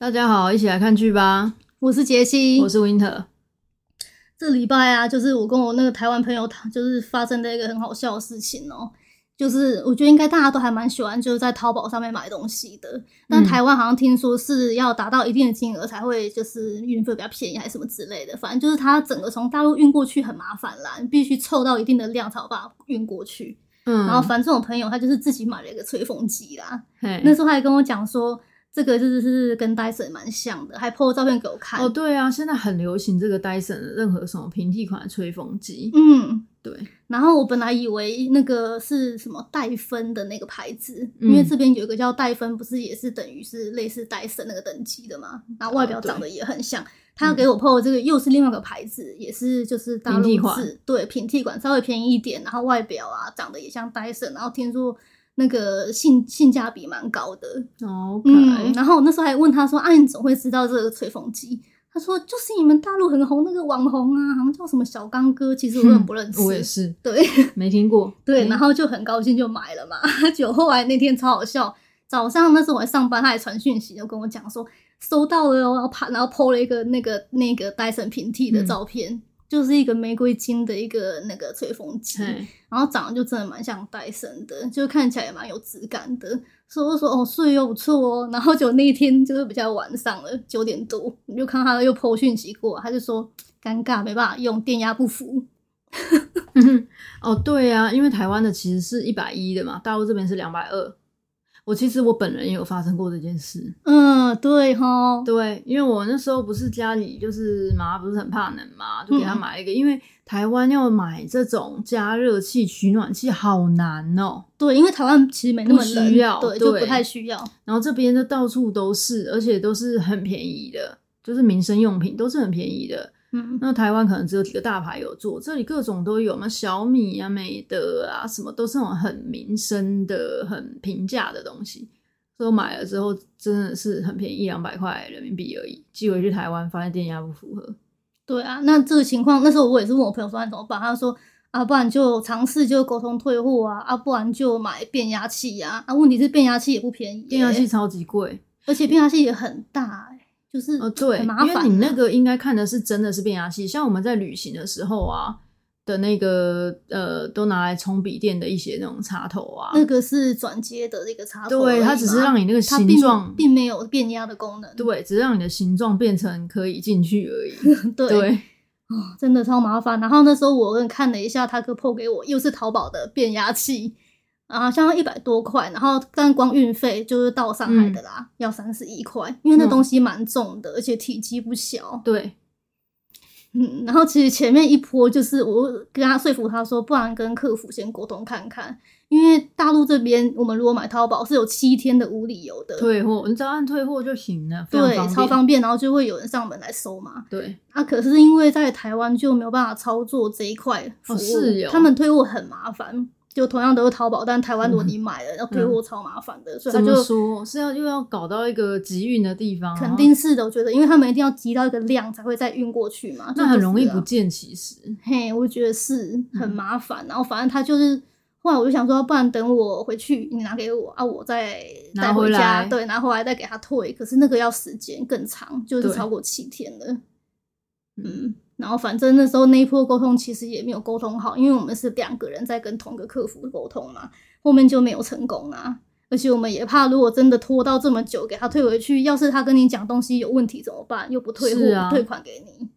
大家好，一起來看劇吧。我是傑西，我是 Winter。這禮拜啊，就是我跟我那個台灣朋友就是發生了一個很好笑的事情哦、喔。就是我覺得應該大家都還蠻喜歡，就是在淘寶上面買東西的。但台灣好像聽說是要達到一定的金額才會就是運費比較便宜，還是什麼之類的。反正就是他整個從大陸運過去很麻煩啦，必須湊到一定的量才把它運過去。嗯，然後反正我朋友他就是自己買了一個吹風機啦。那時候還跟我講說。這個就是是跟戴森蠻像的，還拍照片給我看。哦，對啊，現在很流行這個戴森的任何什麼平替款吹風機。嗯，對。然後我本來以為那個是什麼戴芬的那個牌子，嗯，因為這邊有一個叫戴芬，不是也是等於是類似戴森那個等級的嘛？然後外表長得也很像。哦，他給我 po 的這個又是另外一個牌子，也是，也是就是大陸式，對，平替款稍微便宜一點，然後外表啊長得也像戴森，然後聽說。那個性性價比蠻高的，OK、嗯。然後我那時候還問他說：“啊，你怎麼會知道這個吹風機？”他說：“就是你們大陸很紅那個網紅啊，好像叫什麼小剛哥，其實我也不認識。”我也是，對，沒聽過。 對，然後就很高興就買了嘛。 就後來那天超好笑，早上那時候我還上班，他還傳訊息，就跟我講說收到了哦，然後拍，然後 PO 了一個那個那個戴森平替的照片。嗯就是一個玫瑰金的一個那個吹風機，然後長得就真的蠻像戴森的，就看起來也蠻有質感的，所以我說哦，睡又不錯哦。然後就那一天就是比較晚上了，九點多，你就看他又破訊息過，他就說尷尬，沒辦法用，電壓不符。 哦，對啊，因為台灣的其實是一百一的嘛，大陸這邊是兩百二。我其實我本人也有發生過這件事，嗯，對哈、哦，對，因為我那時候不是家裡就是媽不是很怕冷嘛，就給她買一個，嗯、因為台灣要買這種加熱器、取暖器好難哦、喔，對，因為台灣其實沒那麼需要，對，就不太需要。然後這邊就到處都是，而且都是很便宜的，就是民生用品都是很便宜的。嗯，那台灣可能只有幾個大牌有做，這裡各種都有嘛，小米啊、美的啊，什麼都是那種很民生的、很平價的東西，所以買了之後真的是很便宜，一兩百塊人民幣而已，寄回去台灣發現電壓不符合。對啊，那這個情況那時候我也是問我朋友說，你怎麼辦？他就說啊，不然就嘗試就溝通退貨啊，啊，不然就買變壓器啊，啊，問題是變壓器也不便宜，變壓器超級貴，而且變壓器也很大，欸欸就是哦，啊、對，因為你那個應該看的是真的是變壓器，啊，像我們在旅行的時候啊的那個呃，都拿來充筆電的一些那種插頭啊，那個是轉接的那個插頭，對，它只是讓你那個形狀並，並沒有變壓的功能，對，只是讓你的形狀變成可以進去而已， 對，哦對， 真的超麻煩。然後那時候我看了一下，他哥破給我又是淘寶的變壓器。啊，像一百多塊，然後但光運費就是到上海的啦，嗯、要三十一塊，因為那東西蠻重的、嗯，而且體積不小。對，嗯，然後其實前面一波就是我跟他說服他說，不然跟客服先溝通看看，因為大陸這邊我們如果買淘寶是有七天的無理由的退貨，你只要按退貨就行了，對，超方便，然後就會有人上門來收嘛。對，啊，可是因為在台灣就沒有辦法操作這一塊服務，哦，是喲？他們退貨很麻煩。就同樣都是淘寶，但台灣如果你買了要退貨超麻煩的、嗯，所以他就說是要又要搞到一個集運的地方、啊，肯定是的。我覺得，因為他們一定要集到一個量才會再運過去嘛，那很容易不見其實。就嘿，我覺得是很麻煩、嗯。然後反正他就是後來我就想說，不然等我回去你拿給我啊，我再帶回家拿回來，對，然後後來再給他退。可是那個要時間更長，就是超過七天了。嗯，然後反正那時候那一波溝通其實也沒有溝通好，因為我們是兩個人在跟同個客服溝通嘛，後面就沒有成功啊。而且我們也怕，如果真的拖到這麼久給他退回去，要是他跟你講東西有問題怎麼辦？又不退貨、啊、退款給你，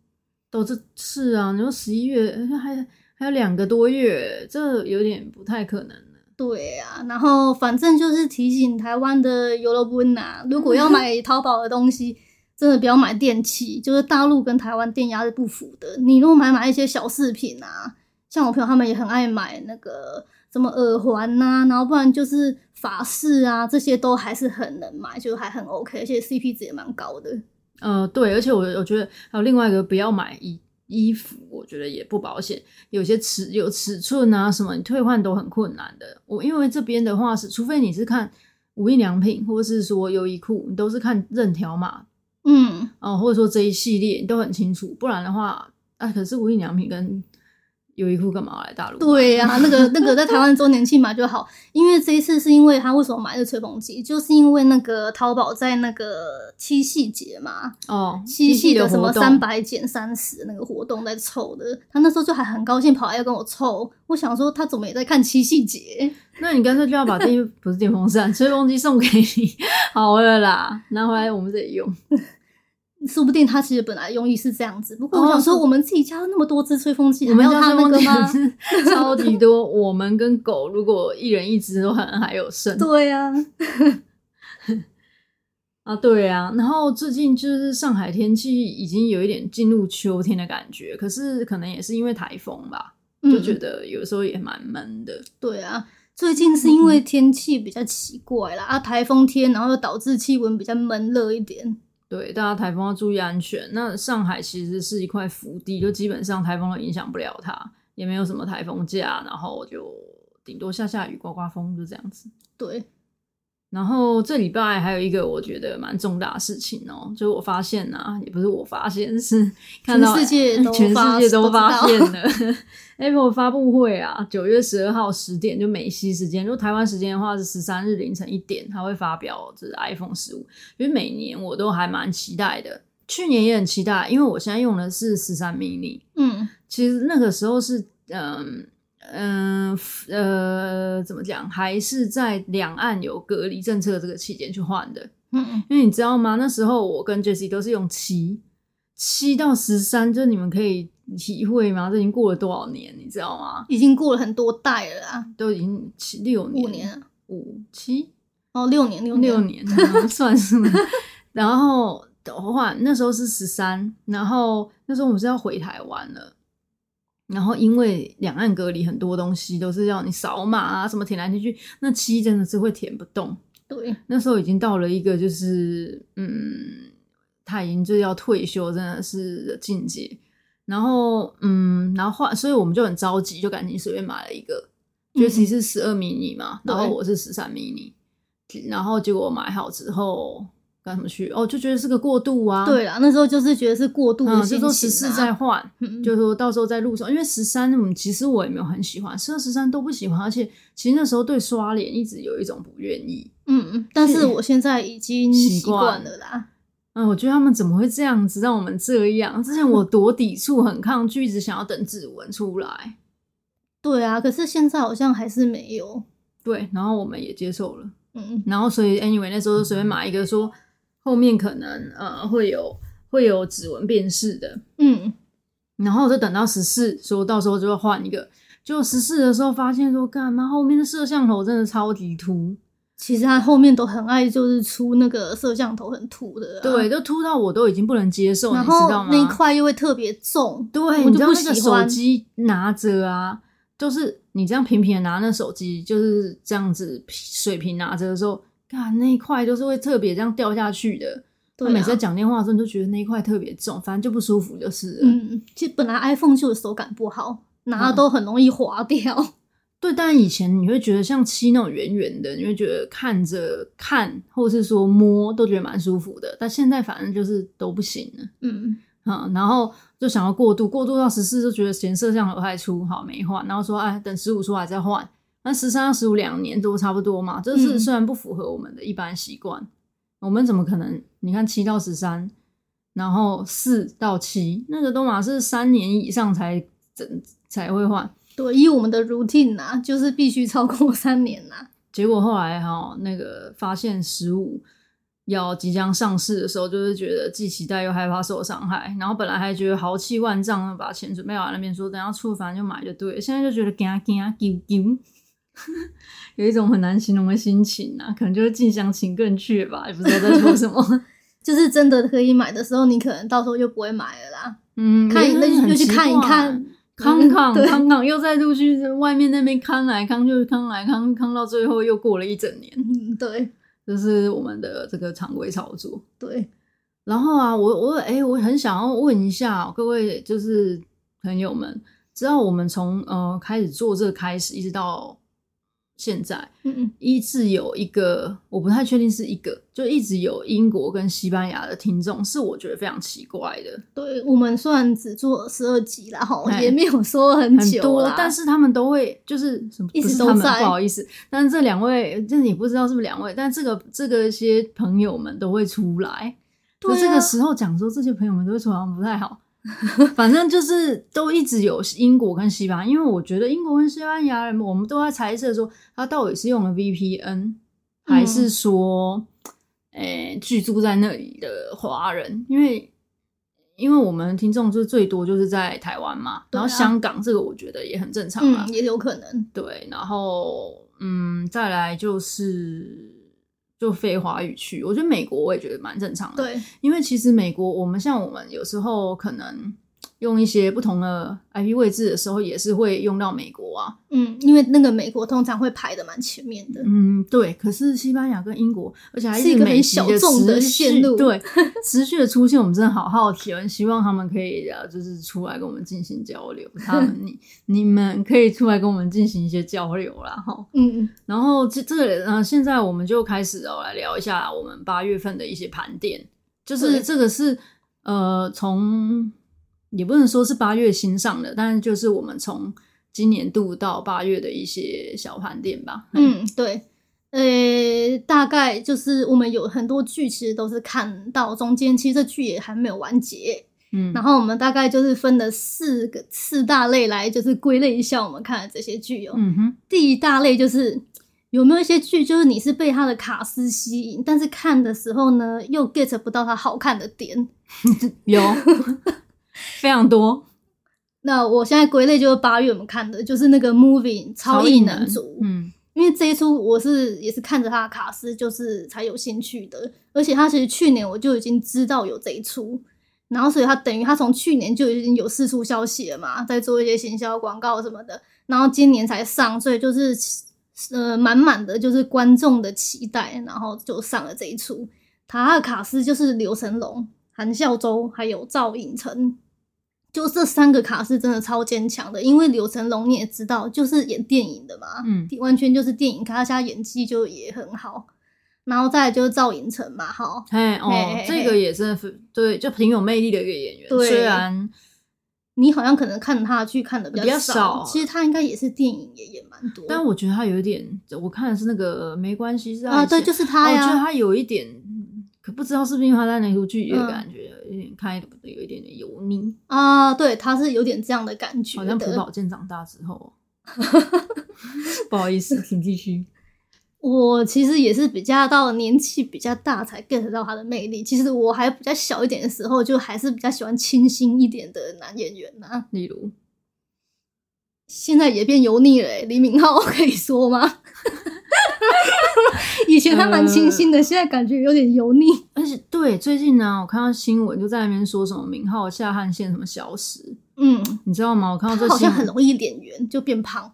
都是是啊。你說十一月還還有兩個多月，這有點不太可能了、啊。對啊，然後反正就是提醒台灣的遊客們呐，如果要買淘寶的東西。 真的不要買電器，就是大陸跟台灣電壓是不符的。你如果買買一些小飾品啊，像我朋友他們也很愛買那個什麼耳環啊，然後不然就是髮飾啊，這些都還是很能買，就還很 OK，而且 CP 值也蠻高的。嗯、呃，對，而且我我覺得還有另外一個不要買衣衣服，我覺得也不保險，有些尺有尺寸啊什麼，你退換都很困難的。我因為這邊的話是，除非你是看無印良品或者是說優衣庫，你都是看認條碼。嗯，哦，或者說這一系列都很清楚，不然的話，啊，可是無印良品跟優衣庫幹嘛來大陸啊？對呀、啊，那個那個在台灣周年慶嘛就好， 因為這一次是因為他為什麼買這吹風機，就是因為那個淘寶在那個七夕節嘛，哦，七夕的什麼三百減三十那個活動在湊的,的，他那時候就還很高興跑來要跟我湊，我想說他怎麼也在看七夕節，那你乾脆就要把電 不是電風扇吹風機送給你好了啦，拿回來我們自己用。 說不定他其實本來用意是這樣子，不過我想說，我們自己家那麼多隻吹風機，沒、哦、有他那個嗎？超級多， 我們跟狗如果一人一隻，都好像還有剩。對呀、啊， 啊對呀、啊。然後最近就是上海天氣已經有一點進入秋天的感覺，可是可能也是因為台風吧，就覺得有時候也蠻悶的、嗯。對啊，最近是因為天氣比較奇怪啦，嗯、啊台風天，然後又導致氣溫比較悶熱一點。對，大家颱風要注意安全。那上海其實是一塊福地，就基本上颱風都影響不了它，也沒有什麼颱風假，然後就頂多下下雨，刮刮風，就這樣子。對。然後這禮拜還有一個我覺得蠻重大的事情哦，喔，就是我發現呢，啊，也不是我發現，是看到世界，全世界都發現了。Apple 發布會啊，九月十二號十點，就美西時間，如果台灣時間的話是十三日凌晨一點，他會發表就是 iPhone 十五。因為每年我都還蠻期待的，去年也很期待，因為我現在用的是十三 mini。嗯，其實那個時候是，嗯、呃、嗯呃，呃，怎麼講，還是在兩岸有隔離政策這個期間去換的。嗯，因為你知道嗎？那時候我跟 Jessie 都是用七七到十三，就你們可以。你體會嗎？這已經過了多少年，你知道嗎？已經過了很多代了啊！都已經七六年，五年，啊，五七，哦，六年，六年六年，啊， 算什麼？然後的話，那時候是十三，然後那時候我們是要回台灣了，然後因為兩岸隔離，很多東西都是要你掃碼啊，什麼填來填去，那七真的是會填不動。對，那時候已經到了一個就是，嗯，他已經就要退休，真的是境界。然後，嗯，然後換，所以我們就很着急，就趕緊隨便買了一個，尤、嗯、其實是十二 mini 嘛。然後我是十三 mini，然後結果買好之後幹什麼去？哦，就覺得是個過渡啊。對啊，那時候就是覺得是過渡的、啊嗯，就說十四再換、嗯，就說到時候再入手，因為十三、嗯，我們其實我也沒有很喜歡，十二、十三都不喜歡，而且其實那時候對刷臉一直有一種不願意。嗯，但是我現在已經習慣了啦。嗯、呃，我覺得他們怎麼會這樣子讓我們這樣？之前我多抵觸、很抗拒，只 想要等指紋出來。對啊，可是現在好像還是沒有。對，然後我們也接受了。嗯，然後所以 anyway，那時候就隨便買一個說，說後面可能呃會有會有指紋辨識的。嗯，然後就等到十四，說到時候就會換一個。結果十四的時候發現說，幹嘛後面的攝像頭真的超級突。其實它後面都很愛，就是出那個攝像頭很凸的。啊，對，就凸到我都已經不能接受。然後你知道嗎？那一塊又會特別重，對，我就不喜歡。手機拿着啊，就是你這樣平平的拿那手機，就是這樣子水平拿着的時候，啊，那一塊就是會特別這樣掉下去的。對，啊，每次講電話的時候，你就覺得那一塊特別重，反正就不舒服就是。嗯，其實本來 iPhone 就手感不好，拿的都很容易滑掉。嗯對，但以前你會覺得像七那種圓圓的，你會覺得看着看，或是說摸，都覺得蠻舒服的。但現在反正就是都不行了，嗯嗯，然後就想要過渡，過渡到十四就覺得嫌攝像頭太粗，好沒換，然後說哎等十五出來再換。那十三到十五兩年都差不多嘛，這是雖然不符合我們的一般習慣，嗯、我們怎麼可能？你看七到十三，然後四到七，那個都嘛是三年以上才整才會換。對，以我們的 routine 啊，就是必須超過三年吶、啊。結果後來哈、哦，那個發現十五要即將上市的時候，就是覺得既期待又害怕受傷害。然後本來還覺得豪氣萬丈，把錢準備好那邊說，等下出房就買就對。現在就覺得驚啊驚啊驚，有一種很難形容的心情啊，可能就是近鄉情更怯吧，也不知道在說什麼。 就是真的可以買的時候，你可能到時候就不會買了啦。嗯，看嗯那就去，去看一看。康康康康又在陸續在外面那邊康來康，就是康來康，康到最後又過了一整年。嗯，對，這是我們的這個常規操作。對，然後啊，我我哎、欸，我很想要問一下各位，就是朋友們，知道我們從呃開始做這個開始，一直到。現在，嗯嗯，一直有一個，我不太確定是一個，就一直有英國跟西班牙的聽眾，是我覺得非常奇怪的。對，我們雖然只做十二集然後、嗯、也沒有說了很久，很多，但是他們都會就是一直都在。不好意思，但是這兩位，就是你不知道是不是兩位，但這個這個一些朋友們都會出來。對、啊，這個時候講說這些朋友們都會出來不太好。 反正就是都一直有英國跟西班牙，因為我覺得英國跟西班牙人，我們都在猜測說他到底是用了 VPN，還是說，誒、嗯欸，居住在那裡的華人，因為因為我們聽眾就最多就是在台灣嘛、啊，然後香港這個我覺得也很正常嘛、嗯，也有可能。對，然後嗯，再來就是。就非華語區，我覺得美國我也覺得蠻正常的。對，因為其實美國，我們像我們有時候可能。用一些不同的 IP 位置的時候，也是會用到美國啊。嗯，因為那個美國通常會排得蠻前面的。嗯，對。可是西班牙跟英國，而且還一是一個很小眾的線路。對， 持續的出現，我們真的好好奇啊！希望他們可以啊，就是出來跟我們進行交流。他們， 你你們可以出來跟我們進行一些交流啦。哈。嗯嗯。然後這呃，現在我們就開始哦，來聊一下我們八月份的一些盤點。就是這個是、okay. 呃，從也不能說是八月新上的，但是就是我們從今年度到八月的一些小盤點吧嗯。嗯，對，呃、欸，大概就是我們有很多劇，其實都是看到中間，其實這劇也還沒有完結。嗯，然後我們大概就是分了四個四大類來，就是歸類一下我們看的這些劇哦、喔。嗯哼，第一大類就是有沒有一些劇，就是你是被他的卡司吸引，但是看的時候呢，又 get 不到他好看的點。 有。 非常多。那我現在歸類就是八月我們看的，就是那個《Moving 超異能組》。嗯，因為這一出我是也是看着他的卡司就是才有興趣的，而且他其實去年我就已經知道有這一出，然後所以他等於他從去年就已經有四處消息了嘛，在做一些行銷廣告什麼的，然後今年才上，所以就是呃滿滿的，就是觀眾的期待，然後就上了這一出。他他的卡司就是劉承龍，韓孝周還有趙寅成，就這三個卡是真的超堅強的。因為劉成龍你也知道，就是演電影的嘛，嗯，完全就是電影卡，他現在演技就也很好。然後再來就是趙寅成嘛，好，哎哦嘿嘿嘿，這個也是對，就挺有魅力的一個演員。對，雖然你好像可能看他去看的比較少，比較少，啊，其實他應該也是電影也演蠻多。但我覺得他有一點，我看的是那個沒關係，是啊，對，就是他呀，啊哦，我覺得他有一點。可不知道是不是因為他在那部劇裡的感覺，有點看一、嗯、有一點點油膩啊。對，他是有點這樣的感覺的。好像朴寶劍長大之後， 不好意思，請繼續。我其實也是比較到年紀比較大才 get 到他的魅力。其實我還比較小一點的時候，就還是比較喜歡清新一點的男演員呢、啊。例如，現在也變油膩了、欸，李敏鎬可以說嗎？ 以前他蠻清新的，哎呃，現在感覺有點油膩。而且對，最近呢，我看到新聞就在那邊說什麼名號下汗腺什麼消失。嗯，你知道嗎？我看到這好像很容易臉圓就變胖。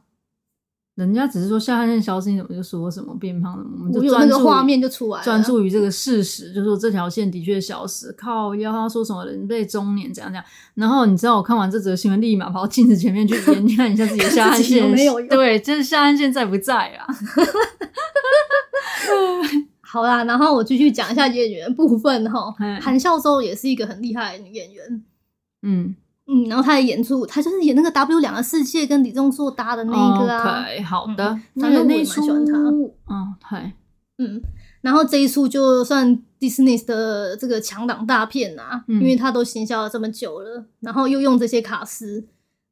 人家只是說下汗腺消失，你怎麼就說什麼變胖了？我們就專注畫面就出來專注於這個事實，就說這條線的確消失。靠腰，他說什麼人類中年，怎樣怎樣？然後你知道我看完這則新聞，立馬跑到鏡子前面去研究一下自己的下汗腺有沒有用？對，就是下汗腺在不在啊？ 好啦，然後我繼續講一下演員部分哈。韓、hey. 孝周也是一個很厲害的女演員，嗯嗯，然後她的演出，她就是演那個 W 兩個世界跟李鍾碩搭的那個啊。Okay, 好的，那、嗯、個我蠻喜歡她。嗯，對嗯，然後這一出就算 Disney 的這個強檔大片吶、啊嗯，因為他都行銷了這麼久了，然後又用這些卡司，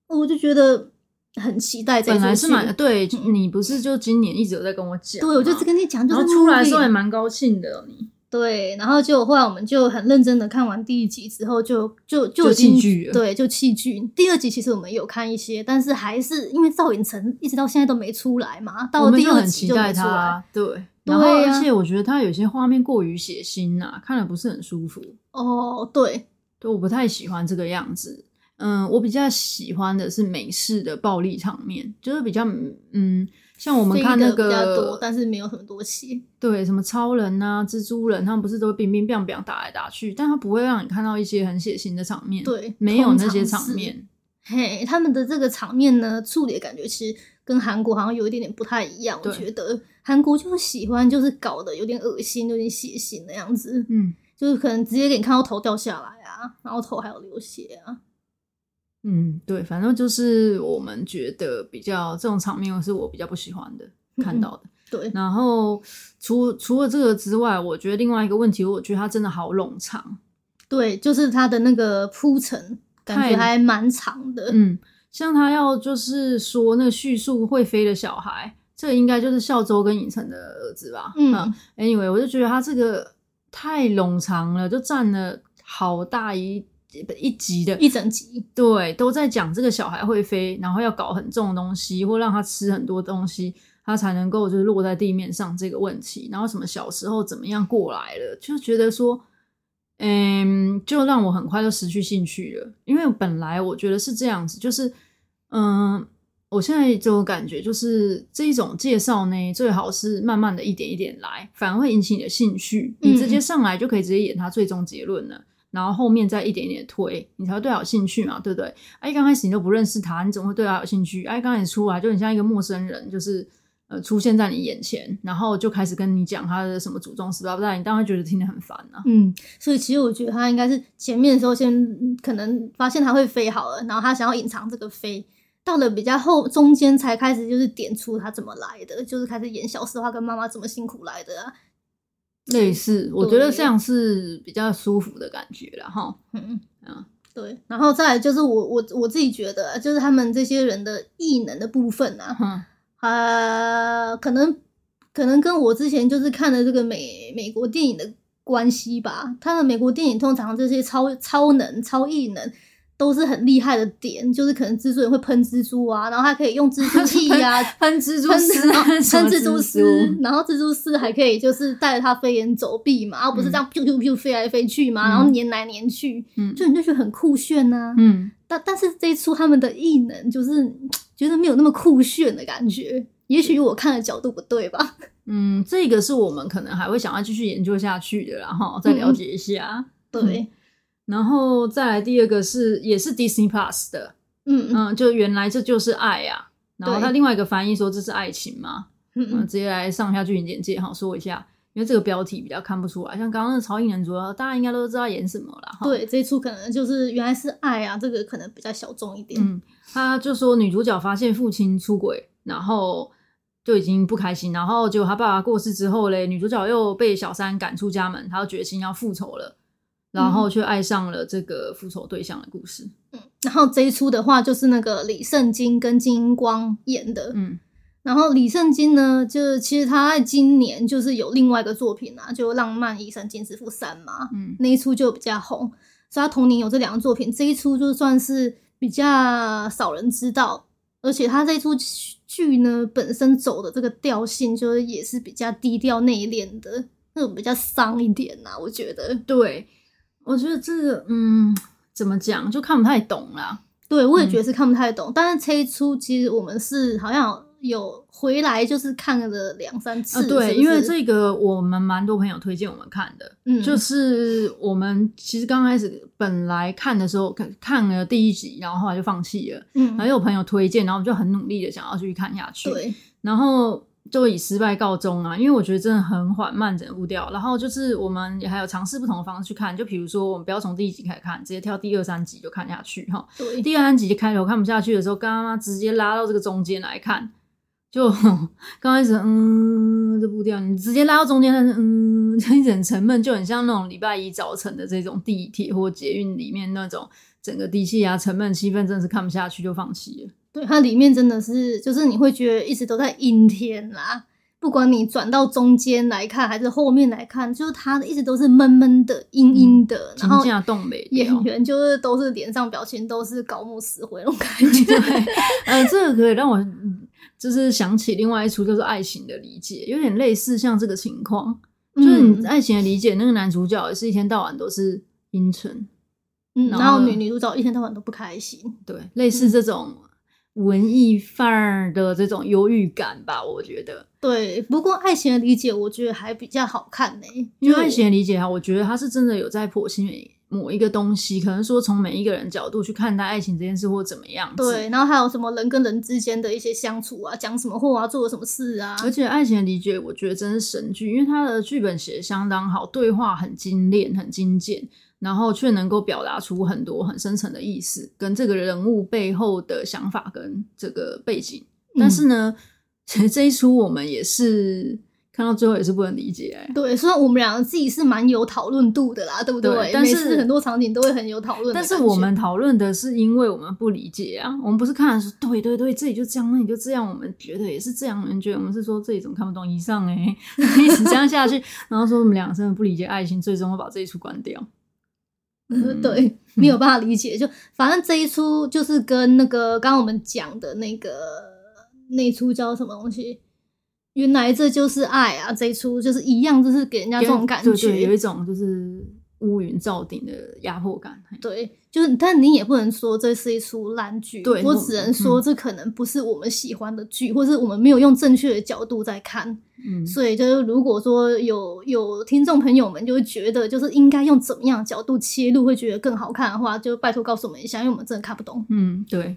我就覺得。很期待這，這本來是蠻對，嗯，你不是就今年一直有在跟我講？對，我就跟你講。就是，啊，出來的時候也蠻高興的哦。你對，然後就後來我們就很認真的看完第一集之後就，就就就棄劇，對，就棄劇。第二集其實我們有看一些，但是還是因為趙寅成一直到現在都沒出來嘛，到第二集，我們就很期待他。對，然後而且我覺得他有些畫面過於血腥啦、啊啊、看了不是很舒服哦。Oh, 對，對，我不太喜歡這個樣子。嗯，我比較喜歡的是美式的暴力場面，就是比較嗯，像我們看那個的比較多，但是沒有很多戲。對，什麼超人啊、蜘蛛人，他們不是都乒乒乓乓打來打去，但他不會讓你看到一些很血腥的場面。對，沒有那些場面。嘿，他們的這個場面呢，處理的感覺其實跟韓國好像有一點點不太一樣。我覺得韓國就是喜歡就是搞得有點惡心、有點血腥的樣子。嗯，就是可能直接給你看到頭掉下來啊，然後頭還有流血啊。嗯，對，反正就是我們覺得比較這種場面，是我比較不喜歡的，嗯、看到的。對。然後除除了這個之外，我覺得另外一個問題，我覺得他真的好冗長。對，就是他的那個鋪陳，感覺還蠻長的。嗯。像他要就是說那個敘述會飛的小孩，這應該就是孝周跟尹城的兒子吧？嗯、啊。Anyway，我就覺得他這個太冗長了，就占了好大一。一集的一整集，對，都在講這個小孩會飛，然後要搞很重的東西，或讓他吃很多東西，他才能夠就是落在地面上這個問題。然後什麼小時候怎麼樣過來了，就覺得說，嗯、欸，就讓我很快就失去興趣了。因為本來我覺得是這樣子，就是，嗯、呃，我現在就感覺就是這一種介紹呢，最好是慢慢的一點一點來，反而會引起你的興趣。你直接上來就可以直接演他最終結論了。嗯然後後面再一點一點推，你才會對他有興趣嘛，對不對？哎，剛開始你都不認識他，你怎麼會對他有興趣？哎，剛開始出來就很像一個陌生人，就是呃出現在你眼前，然後就開始跟你講他的什麼祖宗十八代，你當然會覺得聽得很煩啊。嗯，所以其實我覺得他應該是前面的時候先可能發現、啊、他會飛好了，然後他想要隱藏這個飛，到了比較後中間才開始就是點出他怎麼來的，就是開始演小時候跟媽媽怎麼辛苦來的、啊。類似，我覺得這樣是比較舒服的感覺了哈。嗯啊，對，然後再來就是我我我自己覺得，就是他們這些人的異能的部分啊，啊、嗯呃，可能可能跟我之前就是看的這個美美國電影的關係吧。他的美國電影通常這些超超能、超異能。都是很厲害的點，就是可能蜘蛛人會噴蜘蛛啊，然後還可以用蜘蛛器呀，啊，噴蜘蛛絲，噴蜘蛛絲，然後蜘蛛絲還可以就是帶着他飛檐走壁嘛，嗯，然後不是這樣咻咻咻飛來飛，飛，飛，飛，飛，飛，飛去嘛，嗯，然後黏來黏去，嗯，就你就覺得很酷炫吶，啊，嗯，但但是這一出他們的異能就是覺得沒有那麼酷炫的感覺，也許我看的角度不對吧，嗯，這個是我們可能還會想要繼續研究下去的，然後再了解一下，嗯嗯，對。然後再來第二個是也是 Disney Plus 的，嗯嗯，就原來這就是愛呀、啊。然後他另外一個翻譯說這是愛情嘛，嗯，嗯直接來上下劇情簡介哈，說一下，因為這個標題比較看不出來。像剛剛的，那個《超穎人族》主要大家應該都知道演什麼了哈。對、哦，這一出可能就是原來是愛啊，這個可能比較小眾一點。嗯，他就說女主角發現父親出軌，然後就已經不開心，然後就他爸爸過世之後嘞，女主角又被小三趕出家門，她就決心要復仇了。然後卻愛上了這個復仇對象的故事。嗯，然後這一出的話就是那個李聖經跟金光演的。嗯，然後李聖經呢，就是其實他在今年就是有另外一個作品啊，就《浪漫醫生金師傅三》嘛。嗯，那一出就比較紅，所以他同年有這兩個作品。這一出就算是比較少人知道，而且他這一出劇呢，本身走的這個調性就是也是比較低調內斂的那種，比較傷一點啊，我覺得對。我覺得這個，嗯，怎麼講，就看不太懂啦。對，我也覺得是看不太懂。嗯、但是這一齣，其實我們是好像有回來，就是看了兩三集。啊、對，是不是，因為這個我們蠻多朋友推薦我們看的。嗯，就是我們其實剛開始本來看的時候，看了第一集，然後後來就放棄了。嗯，然後有朋友推薦，然後我們就很努力的想要繼續看下去。對，然後。就以失敗告終啊！因為我覺得真的很緩慢整步調，然後就是我們也還有嘗試不同的方式去看，就比如說我們不要從第一集開始看，直接跳第二三集就看下去哈、哦。第二三集就開頭看不下去的時候，剛剛直接拉到這個中間來看，就剛開始嗯，這步調你直接拉到中間，嗯，就一整沉悶，就很像那種禮拜一早晨的這種地鐵或捷運裡面那種整個低氣壓，沉悶氣氛，真的是看不下去就放棄了。對，它裡面真的是，就是你會覺得一直都在陰天啦，不管你轉到中間來看還是後面來看，就是它的一直都是悶悶的、陰陰的，嗯、然後的動演員就是都是臉上表情都是高木死灰那種感覺。 對，呃，這個可以讓我就是想起另外一出，就是《愛情的理解》，有點類似像這個情況，就是《愛情的理解》、嗯，那個男主角也是一天到晚都是陰沉、嗯，然後女女主角一天到晚都不開心，對，類似這種。嗯文藝範兒的這種憂鬱感吧，我覺得。對，不過《愛情的理解》我覺得還比較好看呢、欸。因為《愛情的理解》哈，我覺得它是真的有在剖析某一個東西，可能說從每一個人角度去看待愛情這件事或怎麼樣。對，然後還有什麼人跟人之間的一些相處啊，講什麼話啊，做什麼事啊。而且《愛情的理解》我覺得真是神劇，因為它的劇本寫得相當好，對話很精煉，很精簡。然後卻能夠表達出很多很深層的意思，跟這個人物背後的想法跟這個背景。嗯、但是呢，其實這一出我們也是看到最後也是不能理解、欸。對，雖然我們兩個自己是蠻有討論度的啦，對不對？對，但是很多場景都會很有討論。但是我們討論的是因為我們不理解啊，我們不是看來說，對對對，這裡就這樣，那裡就這樣，我們覺得也是這樣。我們覺得我們是說這裡怎麼看不懂？以上哎、欸，一直這樣下去， 然後說我們兩個真的不理解愛情，最終會把這一出關掉。嗯、 對，沒有辦法理解。就反正這一出就是跟那個剛剛我們講的那個那出叫什麼東西，原來這就是愛啊！這一出就是一樣，就是給人家這種感覺，有，對對對，有一種就是烏雲罩頂的壓迫感。對。就是，但你也不能說這是一出爛劇，對，我只能說這可能不是我們喜歡的劇，嗯，或是我們沒有用正確的角度在看。嗯，所以就是如果說有有聽眾朋友們就會覺得，就是應該用怎麼樣的角度切入會覺得更好看的話，就拜托告訴我們一下，因為我們真的看不懂。嗯，對。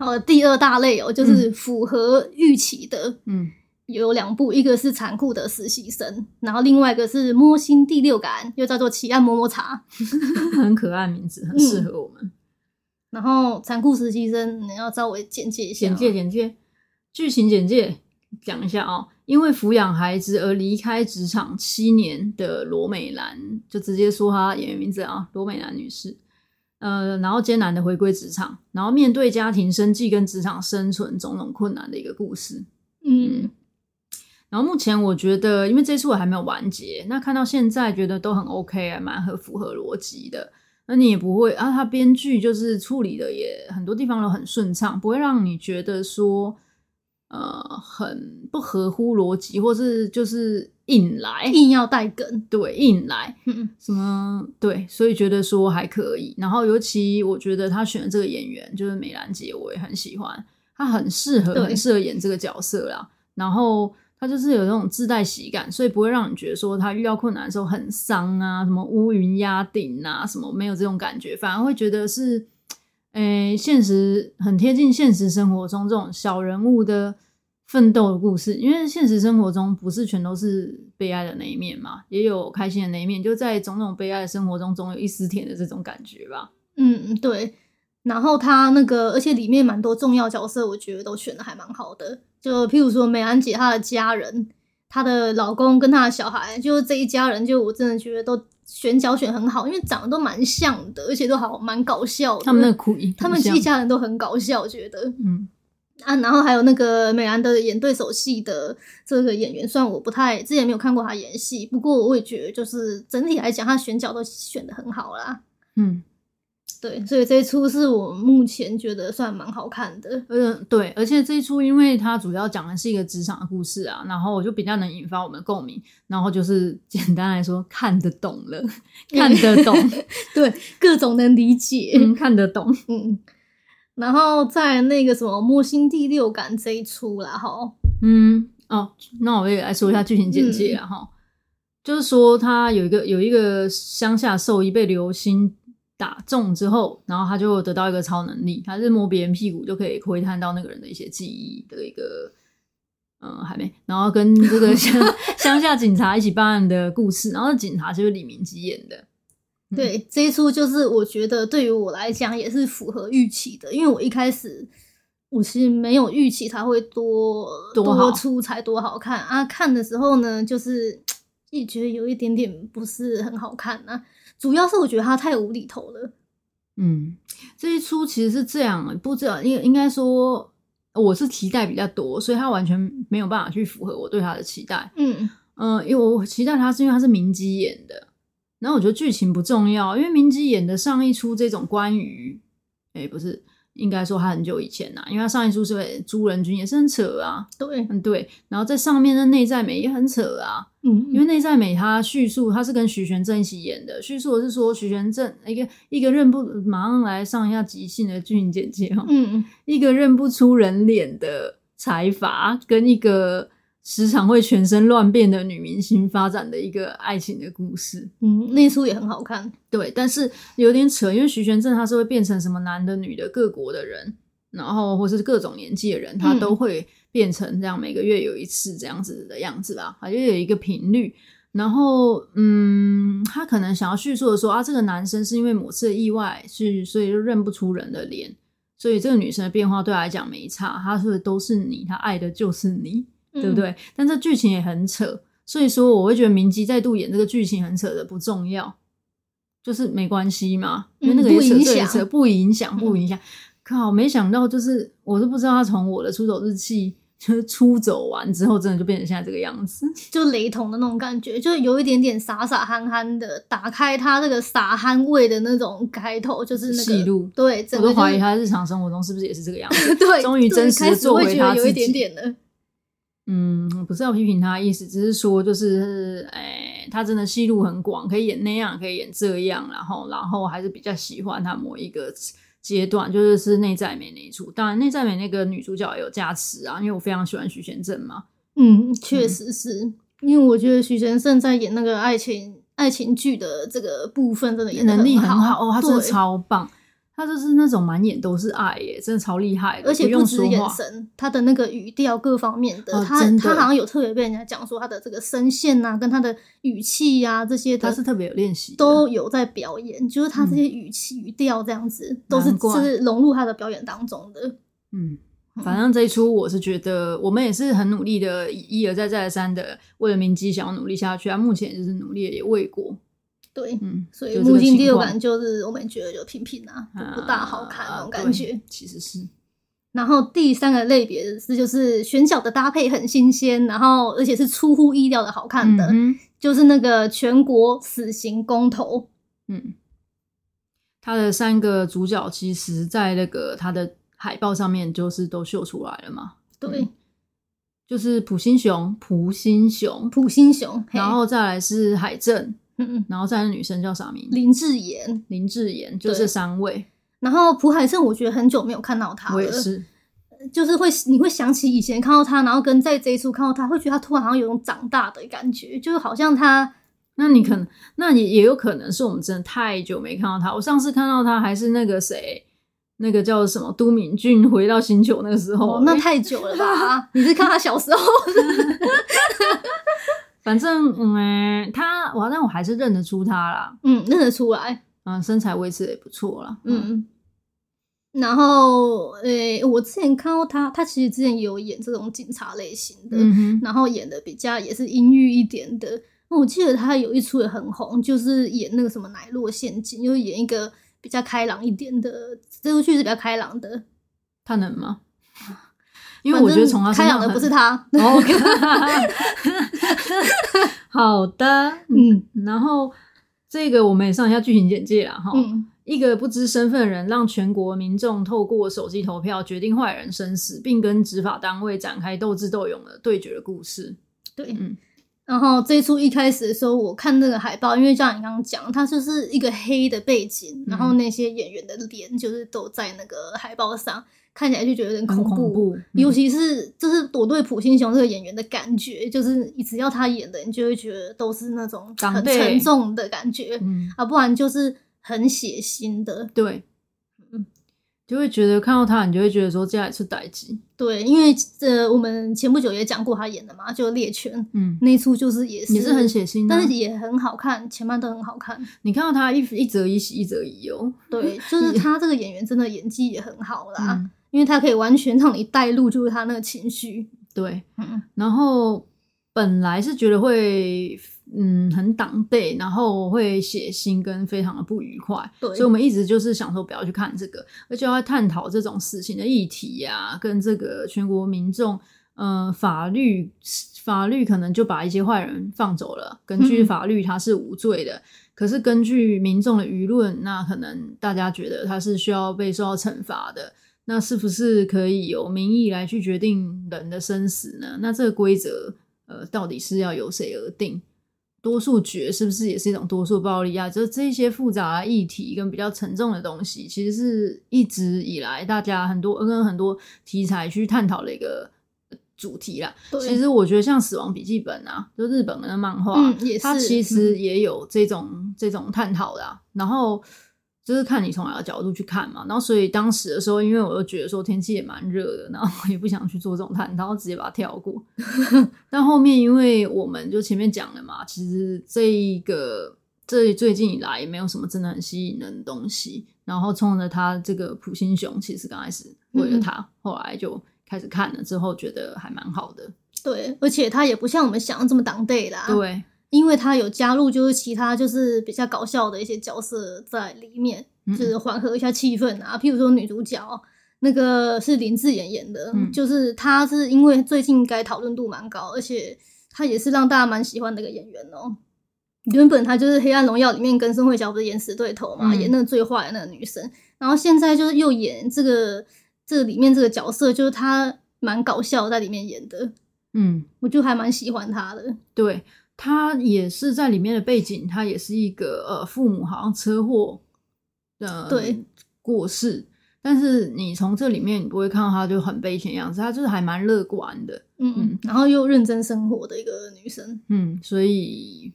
好，呃，第二大類哦，就是符合預期的。嗯。嗯有兩部，一個是殘酷的實習生，然後另外一個是摸心第六感，又叫做奇案摸摸查， 很可愛名字，很適合我們。嗯、然後殘酷實習生，你要稍微簡介一下？簡介，簡介，劇情簡介講一下哦。因為撫養孩子而離開職場七年的羅美蘭，就直接說她演員名字啊，羅美蘭女士、呃。然後艱難的回歸職場，然後面對家庭生計跟職場生存種種困難的一個故事。嗯。嗯然後目前我覺得，因為這次我還沒有完結，那看到現在覺得都很 OK，還蠻合符合邏輯的。那你也不會啊？他編劇就是處理的也很多地方都很順暢，不會讓你覺得說呃很不合乎邏輯，或是就是硬來硬要帶梗，對硬來，嗯什麼對，所以覺得說還可以。然後尤其我覺得他選的這個演員就是美蘭姐，我也很喜歡，他很適合很適合演這個角色啦。然後。它就是有這種自帶喜感，所以不會讓你覺得說他遇到困難的時候很傷啊，什麼烏雲壓頂啊，什麼沒有這種感覺，反而會覺得是，誒，現實很貼近現實生活中這種小人物的奮鬥的故事。因為現實生活中不是全都是悲哀的那一面嘛，也有開心的那一面，就在種種悲哀的生活中，總有一絲甜的這種感覺吧。嗯，對。然後他那個，而且裡面蠻多重要角色，我覺得都選的還蠻好的。就譬如說美蘭姐她的家人，她的老公跟她的小孩，就這一家人，就我真的覺得都選角選很好，因為長得都蠻像的，而且都好蠻搞笑的。他們的哭，他們這一家人都很搞笑，我覺得。嗯啊，然後還有那個美蘭的演對手戲的這個演員，雖然我不太，之前沒有看過他演戲，不過我也覺得就是整體來講，他選角都選得很好啦。嗯。對，所以這一出是我目前覺得算蠻好看的。嗯，對，而且這一出，因為它主要講的是一個職場的故事啊，然後我就比較能引發我們的共鳴。然後就是簡單來說，看得懂了，嗯、看得懂， 對，各種能理解、嗯，看得懂。嗯，然後在那個什麼《摸心第六感》這一出啦，哈，嗯，哦，那我也來說一下劇情簡介啊。哈、嗯。就是說，他有一個有一個鄉下獸醫被流星打中之後，然後他就得到一個超能力，他是摸別人屁股就可以窺探到那個人的一些記憶的一個嗯，還沒。然後跟這個鄉鄉 下警察一起辦案的故事，然後警察就是李明基演的。嗯。對，這一出就是我覺得對於我來講也是符合預期的，因為我一開始我其實沒有預期他會多多，多出彩多好看啊。看的時候呢，就是也覺得有一點點不是很好看啊。主要是我覺得他太無厘頭了，嗯，這一出其實是這樣，不知道，應應該說我是期待比較多，所以他完全沒有辦法去符合我對他的期待，嗯嗯、呃，因為我期待他是因為他是明基演的，然後我覺得劇情不重要，因為明基演的上一出這種關於，哎，不是，應該說他很久以前吶、啊，因為他上一出是朱仁君也是很扯啊，對，嗯對，然後在上面的內在美也很扯啊。因為內在美，他敘述他是跟徐玄振一起演的，敘述的是說，徐玄振一，一個一個認不，馬上來上一下即興的劇情簡介哈。嗯嗯，一個認不出人臉的財閥，跟一個時常會全身亂變的女明星發展的一個愛情的故事。嗯，那一出也很好看。對，但是有點扯，因為徐玄振他是會變成什麼男的，女的，各國的人，然後或是各種年紀的人，他都會。嗯變成這樣，每個月有一次這樣子的樣子吧，反正有一個頻率。然後，嗯，他可能想要敘述的說啊，這個男生是因為某次的意外，是所以就認不出人的臉，所以這個女生的變化對他來講沒差，他是，是都是你，他愛的就是你，嗯，對不對？但這劇情也很扯，所以說我會覺得明基再度演這個劇情很扯的，不重要，就是沒關係嘛，因為那個影響不影響不影響。靠！沒想到，就是我都不知道他從我的出走日記，就是出走完之後，真的就變成現在這個樣子，就雷同的那種感覺，就有一點點傻傻憨憨的，打開他這個傻憨味的那種開頭，就是那種戲路。對，就是、我都懷疑他日常生活中是不是也是這個樣子。 對，終於真實地做回他自己，對，對，有一點點了。嗯，不是要批評他的意思，只是說，就是哎、欸，他真的戲路很廣，可以演那樣，可以演這樣，然後，然後還是比較喜歡他某一個。階段就是是內在美那一出，當然內在美那個女主角也有加持啊，因為我非常喜歡徐賢正嘛。嗯，確實是、嗯、因為我覺得徐賢正在演那個愛情愛情劇的這個部分，真的演得力很好，哦，他真的超棒。他就是那種滿眼都是愛耶，真的超厲害的，而且不止眼神，他的那個語調各方面的，呃、他的他好像有特別被人家講說他的這個聲線吶、啊，跟他的語氣呀、啊、這些，他是特別有練習，都有在表演，就是他這些語氣、嗯、語調這樣子，都是是融入他的表演當中的。嗯，反正這一出我是覺得，我們也是很努力的，一而再再而三的為了明基想要努力下去、啊，他目前就是努力也未果。對，嗯，所以《目親》第六感就是我們覺得就平平啊，啊就不大好看那種感覺。其實是，然後第三個類別是就是選角的搭配很新鮮，然後而且是出乎意料的好看的，嗯嗯就是那個《全國死刑公投》。嗯，他的三個主角其實，在那個他的海報上面就是都秀出來了嘛。對，嗯、就是朴新雄、朴新雄、朴新雄，然後再來是海鎮。嗯嗯，然後在那女生叫啥名？林志妍。林志妍就是三位。然後朴海鎮，我覺得很久沒有看到他。我也是，就是會你會想起以前看到他，然後跟在這一處看到他會覺得他突然好像有種長大的感覺，就是好像他。那你可能，嗯、那你，也有可能是我們真的太久沒看到他。我上次看到他還是那個誰，那個叫什麼都敏俊回到星球那個時候，哦、那太久了吧？ 你是看他小時候。 反正，嗯、欸，他，我，但我還是認得出他啦。嗯，認得出來。嗯，身材維持也不錯啦。嗯，嗯。然後，誒、欸，我之前看過他，他其實之前也有演這種警察類型的，嗯、然後演的比較也是陰鬱一點的。我記得他有一出也很紅，就是演那個什麼《奶酪陷阱》，又演一個比較開朗一點的，這部劇是比較開朗的。他能嗎？因為我覺得從他，開演的不是他。 好的，嗯，嗯，然後這個我們也上一下劇情簡介了哈、嗯。一個不知身份的人讓全國民眾透過手機投票決定壞人生死，並跟執法單位展開鬥智鬥勇的對決的故事。對，嗯，然後最初一,一開始的時候，我看那個海報，因為像你剛剛講，它就是一個黑的背景，然後那些演員的臉就是都在那個海報上。嗯看起來就覺得有點恐怖，恐怖嗯、尤其是就是我對普星雄這個演員的感覺，就是只要他演的，你就會覺得都是那種很沉重的感覺、嗯，啊，不然就是很血腥的。對，嗯，就會覺得看到他，你就會覺得說這樣也是歹代誌。對，因為呃，我們前不久也講過他演的嘛，就《獵犬》，嗯，那一出就是也是，也是很血腥、啊，但是也很好看，前半都很好看。你看到他一一折一喜一折一憂，對，就是他這個演員真的演技也很好啦。嗯因為他可以完全讓你帶入，就是他那個情緒。對，嗯，然後本來是覺得會，嗯，很擋背，然後會血腥跟非常的不愉快。對，所以我們一直就是想說不要去看這個，而且要探討這種死刑的議題呀、啊，跟這個全國民眾，嗯、呃，法律法律可能就把一些壞人放走了，根據法律他是無罪的、嗯，可是根據民眾的輿論，那可能大家覺得他是需要被受到懲罰的。那是不是可以由民意來去決定人的生死呢？那這個規則，呃，到底是要由誰而定？多數決是不是也是一種多數暴力啊？就這些複雜的議題跟比較沉重的東西，其實是一直以來大家很多跟、呃、很多題材去探討的一個主題啦。對，其實我覺得像《死亡筆記本》啊，就日本的漫畫、嗯，它其實也有這種、嗯、這種探討的、啊。然後。就是看你從哪個角度去看嘛，然後所以當時的時候，因為我又覺得說天氣也蠻熱的，然後我也不想去做這種攤，然後直接把它跳過。 但後面因為我們就前面講了嘛，其實這一個這最近以來也沒有什麼真的很吸引人的東西，然後衝着他這個普心熊，其實剛開始為了他、嗯，後來就開始看了之後，覺得還蠻好的。對，而且他也不像我們想的這麼擋隊的。對。因為他有加入，就是其他就是比較搞笑的一些角色在裡面，嗯、就是緩和一下氣氛啊。譬如說女主角，那個是林智妍演的，嗯、就是她是因為最近該討論度蠻高，而且她也是讓大家蠻喜歡的一個演員哦、喔。原本她就是《黑暗榮耀》裡面跟宋慧喬不是演死對頭嘛、嗯，演那個最壞的那個女生，然後現在就是又演這個這裡面這個角色，就是她蠻搞笑在裡面演的。嗯，我就還蠻喜歡她的。對。她也是在裡面的背景，她也是一個呃，父母好像車禍，呃、嗯，對過世。但是你從這裡面，你不會看到她就很悲情的樣子，她就是還蠻樂觀的，嗯嗯，然後又認真生活的一個女生，嗯，所以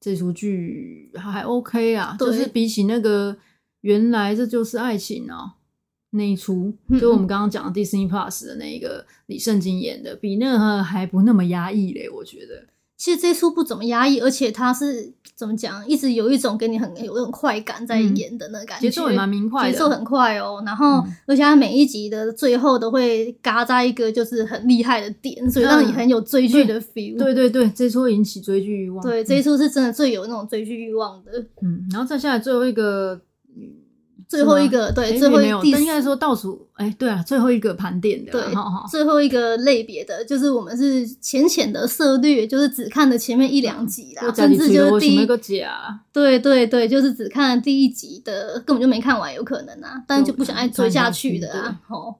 這出劇還 OK 啊，就是比起那個原來這就是愛情哦，那一出，就我們剛剛講的 Disney Plus 的那個李聖經演的嗯嗯，比那個還不那麼壓抑嘞，我覺得。其實這一出不怎麼壓抑，而且他是怎麼講，一直有一種給你很有那種快感在演的那感覺，節奏也蠻明快，節奏很快哦。然後、嗯，而且他每一集的最後都會嘎在一個就是很厲害的點、嗯，所以讓你很有追劇的 feel 對。對對對，這一出會引起追劇欲望。對，嗯、這一出是真的最有那種追劇欲望的。嗯，然後再下來最後一個。嗯最後一個對、欸，最後一個但應該說倒數哎、欸，對啊，最後一個盤點的、啊，最後一個類別的，就是我們是淺淺的涉獵，就是只看了前面一兩集啦，甚至就是第一，對對對，就是只看了第一集的，根本就沒看完，有可能啊，但是就不想再追下去的啊，齁，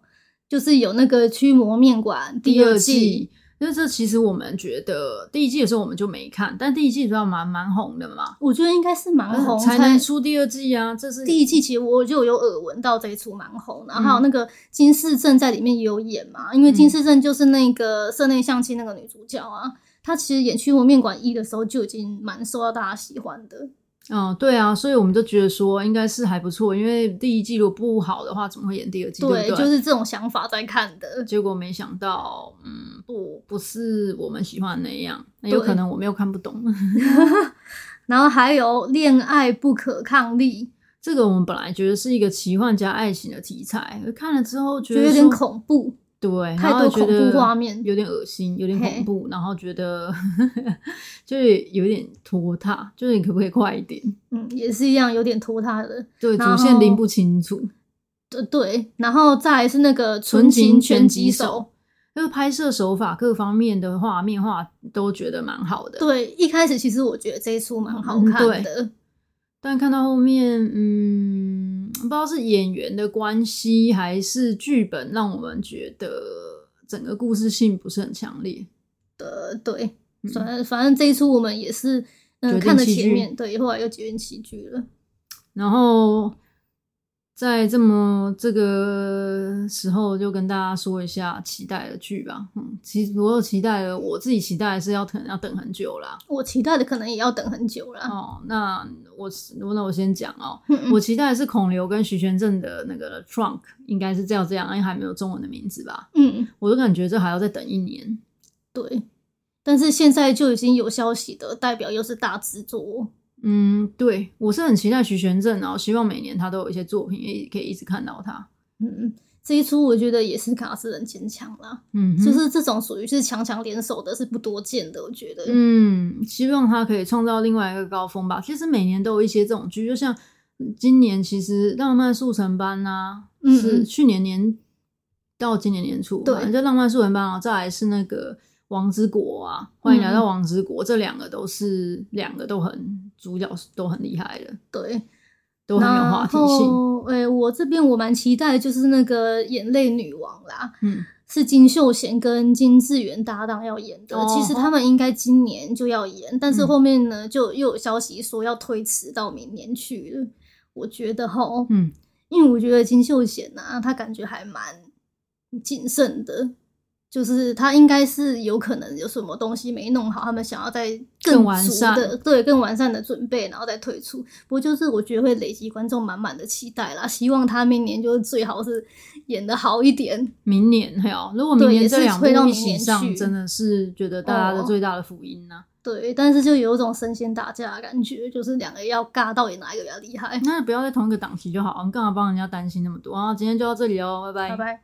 就是有那個驅魔麵館第二季。就是這，其實我們覺得第一季的時候我們就沒看，但第一季知道蠻蠻紅的嘛。我覺得應該是蠻紅才，才能出第二季啊。這是第一季，其實我就有耳聞到這一出蠻紅、嗯，然後還有那個金世正在裡面也有演嘛。因為金世正就是那個社內相親那個女主角啊，嗯、她其實演《驅魔麵館》一的時候就已經蠻受到大家喜歡的。嗯，對啊，所以我們都覺得說應該是還不錯，因為第一季如果不好的話，怎麼會演第二季？對，對，對，就是這種想法在看的。結果沒想到，嗯，不，不是我們喜歡的那樣。哎，有可能我沒有看不懂。 然後還有《戀愛不可抗力》，這個我們本來覺得是一個奇幻加愛情的題材，看了之後覺得就有點恐怖。對，太多恐怖畫面有點噁心，有點恐怖，然後覺得 就是有點拖沓，就是你可不可以快一點？嗯，也是一樣，有點拖沓的。對，主線拎不清楚。對對，然後再來是那個純情拳擊手，因為拍攝手法、各方面的畫面畫都覺得蠻好的。對，一開始其實我覺得這一出蠻好看的。嗯對，但看到後面，嗯。不知道是演員的關係，還是劇本，讓我們覺得整個故事性不是很強烈的。呃，對，反正、嗯、反正這一出我們也是嗯看了前面，對，後來又決定棄劇了，然後。在這麼這個時候，就跟大家說一下期待的劇吧。嗯，其實我有期待的，我自己期待的是要等要等很久了。我期待的可能也要等很久了。哦，那我那我先講哦、嗯。我期待的是孔劉跟徐玄振的那個《Trunk》，應該是叫這樣，因為還沒有中文的名字吧。嗯，我都感覺這還要再等一年。對，但是現在就已經有消息的，代表又是大制作。嗯，對，我是很期待徐玄正，哦，然後希望每年他都有一些作品，也可以一直看到他。嗯，這一出我覺得也是卡司很堅強啦。嗯，就是這種屬於就是強強聯手的，是不多見的，我覺得。嗯，希望他可以創造另外一個高峰吧。其實每年都有一些這種劇，就像今年其實《浪漫速成班啊》吶、嗯嗯，是去年年到今年年初，啊，對，就《浪漫速成班哦》，啊再來是那個。王之國啊，歡迎來到王之國，嗯、這兩個都是兩個都很主角都很厲害的，對，都很有話題性。哦，哎、欸，我這邊我蠻期待，就是那個眼淚女王啦，嗯，是金秀賢跟金智媛搭檔要演的、哦。其實他們應該今年就要演，但是後面呢，嗯、就又有消息說要推遲到明年去了。我覺得吼，嗯，因為我覺得金秀賢啊，他感覺還蠻謹慎的。就是他應該是有可能有什麼東西沒弄好，他們想要再更,更完善的，對更完善的準備，然後再推出。不過就是我覺得會累積觀眾滿滿的期待啦，希望他明年就是最好是演得好一點。明年還有、哦，如果明年在兩個檔期上，真的是覺得大家的最大的福音吶、啊哦。對，但是就有一種神仙打架的感覺，就是兩個要尬到底哪一個比較厲害。那不要在同一個檔期就好，幹嘛幫人家擔心那麼多啊？今天就到這裡哦，拜拜。拜拜